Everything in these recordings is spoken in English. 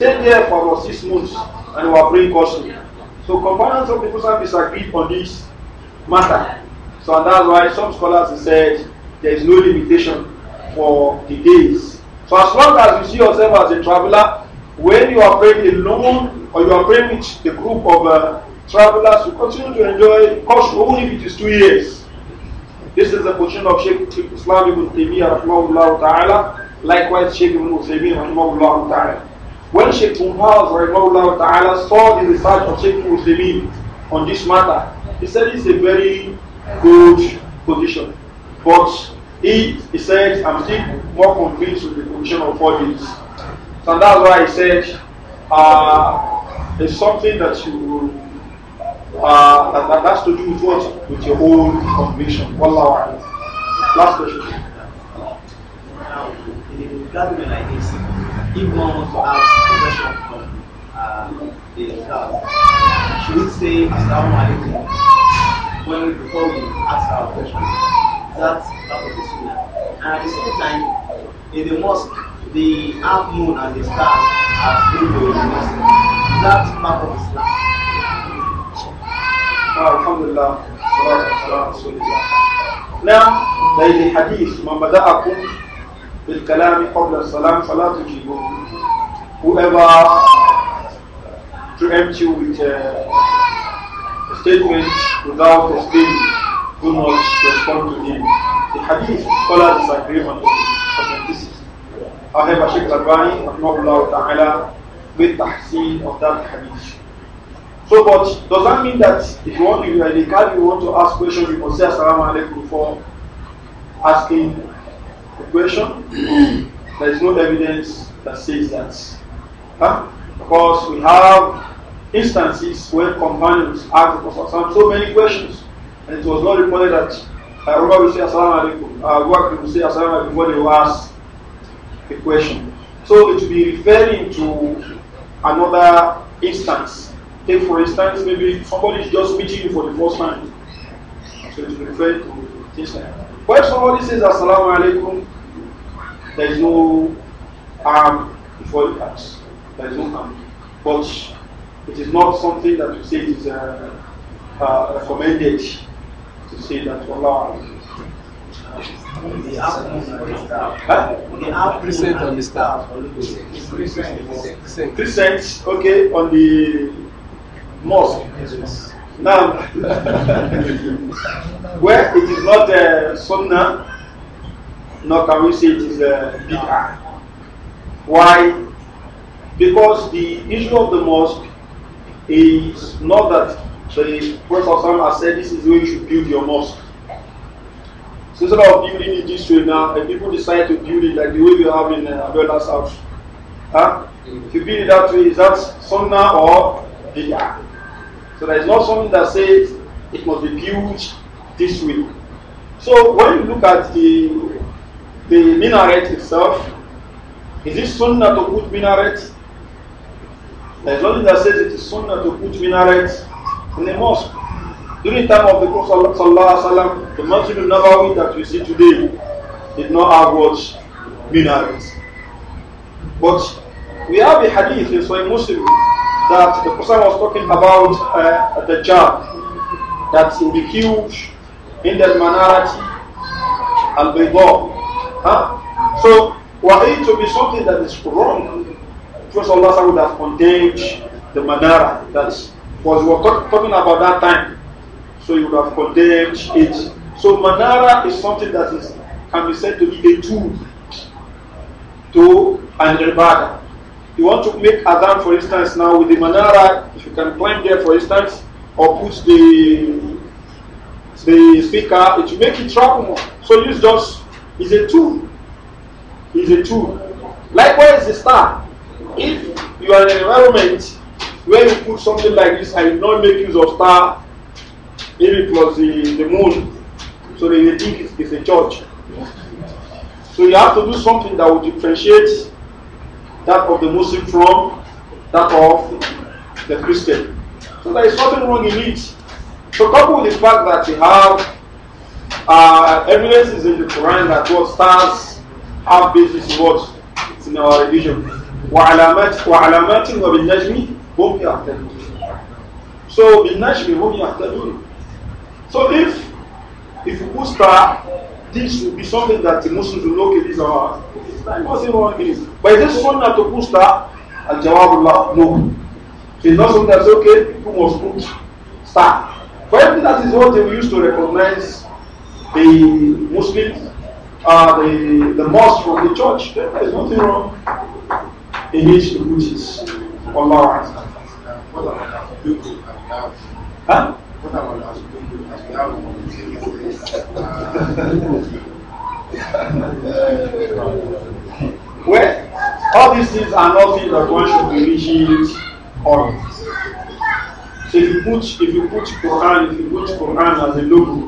Stay there for about six months and we are praying caution. So companions of the Prophet disagreed on this matter. So that's why some scholars have said there is no limitation for the days. So as long as you see yourself as a traveler, when you are praying alone or you are praying with a group of uh, travelers, you continue to enjoy caution only if it is two years. This is the position of Sheikh Islam ibn Taymiyyah ta'ala, likewise Sheikh ibn Uthaymeen ta'ala. When Sheikh Muhammad Rahimahullah Ta'ala saw the research of Sheikh Uthaymeen on this matter, he said it's a very good position. But he, he said, I'm still more convinced with the position of all and So that's why he said, uh, it's something that you uh, that, that, has to do with what? With your own conviction. Last question. Now, in a government like this, give more money to us from um, the staff, should we say Assalamu alaikum when before we ask our question? That's part of the sunnah. And at the same time, in the mosque, the half moon and the stars are still going in the mosque. That's part of Islam. Ah, alhamdulillah, salatu wasalam, Now, there is a hadith, بالكلام قبل السلام فلا تجيبه whoever preempts you with uh, a statement without a explaining do not respond to him the hadith scholars disagree on authenticity however Sheikh Albani rahmahullah ta'ala made tahseen of that hadith so, but does that mean that if you want, if you the car, you want to ask questions, you must say assalamu alaikum before asking equation, there is no evidence that says that. Huh? Because we have instances where companions ask the Prophet so many questions, and it was not reported that uh, Umar will say Assalamu alaikum, uh, Bakr will say Assalamu alaikum when they ask a question. So it will be referring to another instance. Take for instance, maybe somebody is just meeting you for the first time. So it will refer to this. like When somebody says Assalamu alaikum, there is no harm before the acts. There is no harm. But it is not something that we say is uh, uh, recommended to say that Allah. The app is on the staff. Three cents, okay, on the mosque. Now, where it is not uh, sunnah, nor can we say it is a uh, big Why? Because the issue of the mosque is not that the Prophet has said this is where you should build your mosque. So instead of building it this way now, and people decide to build it like the way you have in uh, Abdullah's house. Huh? If you build it that way, is that sunnah or bid'ah? So there is not something that says it must be built this way. So when you look at the the minaret itself, is it sunnah to put minaret? There's nothing that says it is sunnah to put minaret in the mosque. During the time of the Prophet sallam, the Masjid al-Nabawi that we see today did not have what minaret. But we have a hadith in Sahih Muslim that the Prophet was talking about uh, the jar that will be huge in the and al-baydah Huh? So, were it to be something that is wrong, first Allah would have condemned the Manara. That's because we were talking about that time. So you would have condemned it. So Manara is something that is can be said to be a tool to an ibadah. You want to make Adam, for instance, now with the Manara, if you can climb there, for instance, or put the the speaker, it will make it travel more. So use just is a tool. Is a tool. Likewise, the star. If you are in an environment where you put something like this and you not make use of star, maybe it the, the moon, so they think it's, it's a church. So you have to do something that will differentiate that of the Muslim from that of the Christian. So there is something wrong in it. So coupled with the fact that you have uh, evidence is in the Quran that what stars have business in what? It's in our religion. So بالنجم هم So if if put star, this will be something that the Muslims will look at this or Islam wasn't wrong But is this sunnah to put star? Al Jawabullah, no. So it's not something that's okay, people must put star. For everything that is what they used to recognize the Muslims are the, the mosque from the church, there's nothing wrong in the to put it. What? Huh? well, all these things are nothing that one should be rigid on. So if you put if you put Quran, if you put Quran as a logo,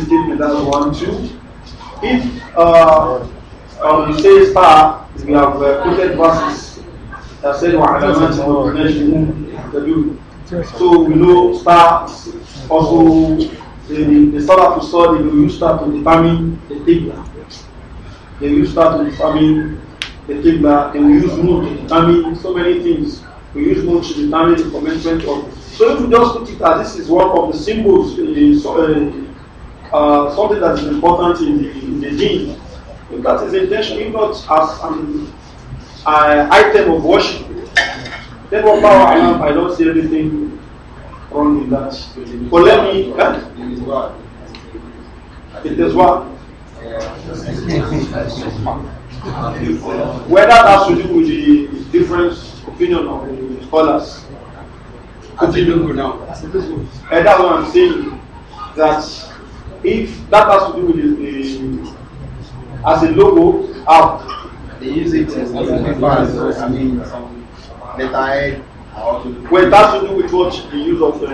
16 pillars 1, 2. If uh, um, we say star, we have uh, quoted verses that say Wa'alamat and Wa'alamat So we know star also, the, the Salaf Usadi, they use star to determine the qibla. They use star to determine the and we use moon to determine so many things. We use moon to determine the commencement of. So if we just put it as this is one of the symbols in the, uh, uh, something that is important in the, in the that is intention, not as an uh, item of worship, then what power I have, I don't see anything wrong in that. But let me. Huh? It is what? Whether that has to do with the different opinion of the scholars. Continue now. And that's what I'm saying. That if that has to do with the, as a logo app, they use it as a device. I mean, Well, that's to do with what the use of uh,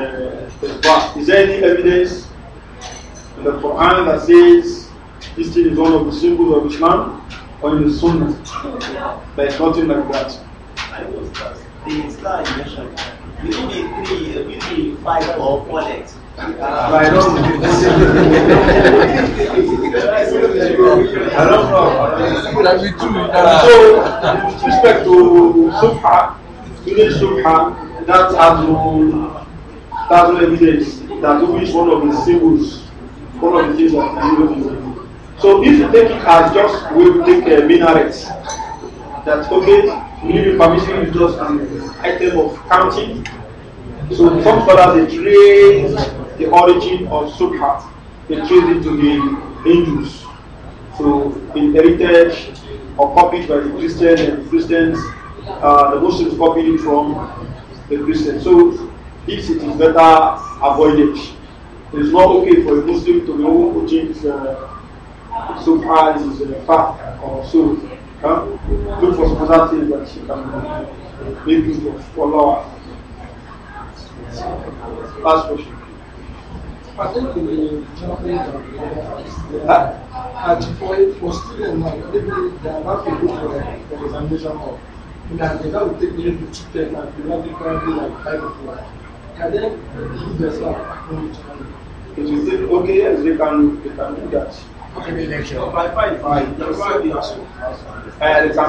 the bar. Is there any evidence in the Quran that says this thing is one of the symbols of Islam or in the Sunnah? There's nothing like that. I was the star you mentioned, we the three, we only five or four legs. so, with respect to Subha, during Subha, that has no, that's evidence that is one of the symbols, one of the things that you So if you take it as just we take a uh, minaret, that okay, we need permission permitting just an item of counting. So some scholars they trace the origin of Subhat. They traced it to the Hindus. So inherited or copied by the Christians and Christians, uh, the Muslims copied it from the Christians. So this it is better avoided. It is not okay for a Muslim to know who thinks uh, Subha is a fact or so. Huh? Look for some other things that you can make use of for Allah. Last question. pàtẹ́kì lè for a for student now maybe they are about to go for for examination hall and that that will take maybe two ten and the lab will be like five o'clock and then you go okay yes they can they can do that. Okay, the lecture. Five, five, by five, they are They can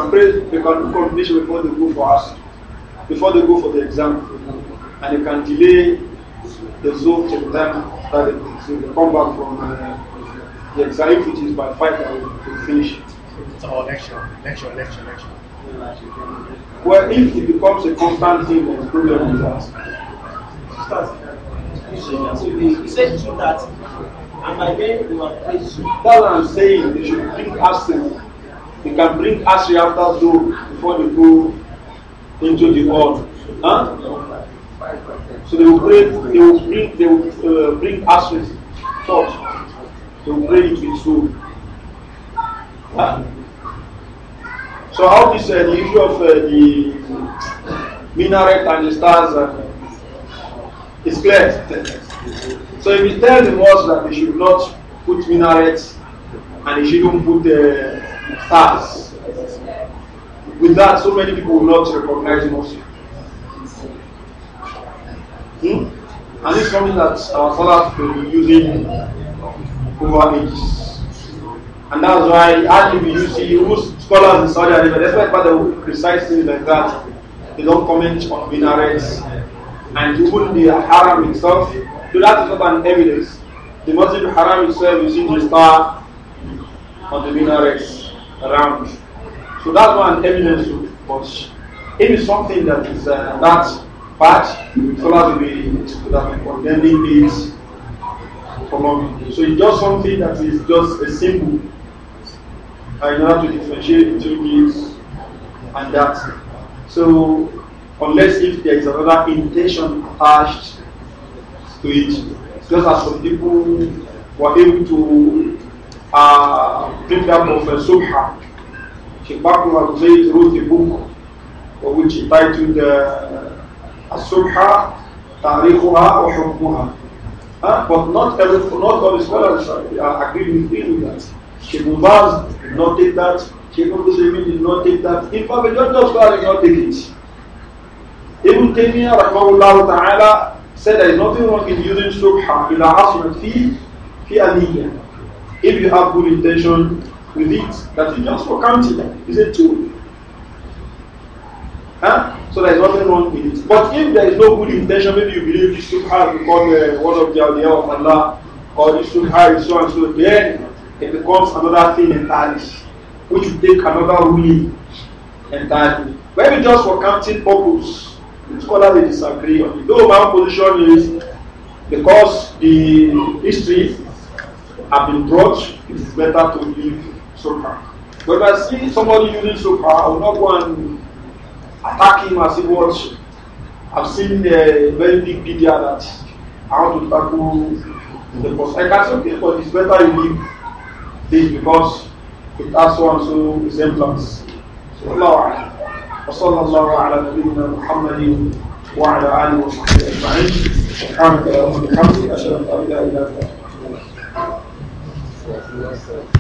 do coordination before they go for us, before they go for the exam, and they can delay the zone till That is, if you come back from uh, the exam, by 5, I will finish it. It's all lecture, lecture, lecture, lecture. Well, if it becomes a constant thing, then the problem is us. You said to that, and by then they were praised you. That's what I'm saying. They should bring absinthe. They can bring Ashley after Zoom before they go into the world. Huh? So they will pray, they will bring, they will uh, bring ashes, torch. They will pray it to the Huh? So how this uh, the issue of uh, the minaret and the stars uh, is clear. So if you tell the mosque that they should not put minarets and they shouldn't put uh, stars, with that so many people will not recognize mosque. Hmm? And it's something that our scholars will be using over ages. And that's why hardly you see most scholars in Saudi Arabia, despite why they criticize things like that, they don't comment on minarets and even the haram itself. So that is not an evidence. The of Haram itself, is see the star on the minarets around. So that's not an evidence but It is something that is uh, that but scholars will be condemning this, for long. So it's just something that is just a symbol in order to differentiate between this and that. So unless if there is another intention attached to it, just as some people were able to uh, think that of so uh, Subha, she bought one zayd wrote a book which he titled uh, الصبح تاريخها وحكمها Huh? But not every, not all scholars are agreeing with me with that. Ibn Baz noted that. Ibn Muslimin did not take that. In fact, majority of scholars did not take it. Ibn Taymiyyah, rahmahullah ta'ala, said there is nothing wrong in using subha ila asmat fi, fi aliyya. If you have good intention with it, that is just for counting. It's a tool. Huh? So there is nothing wrong with it. But if there is no good intention, maybe you believe this subha become uh, one of the awliya of Allah, or this subha is so and so, then it becomes another thing entirely, which will take another ruling entirely. Maybe just for counting purpose, the scholars they disagree on it. Though my position is because the history have been brought, it is better to leave subha. But if I see somebody using subha, I will not go and attack him as he was. I've seen a uh, very big video that I want to tackle the boss. I can say, okay, but it's better you leave this because it has one who is so resemblance. So Allah وصلى الله على نبينا محمد وعلى اله وصحبه اجمعين سبحانك اللهم وبحمدك اشهد ان لا اله الا انت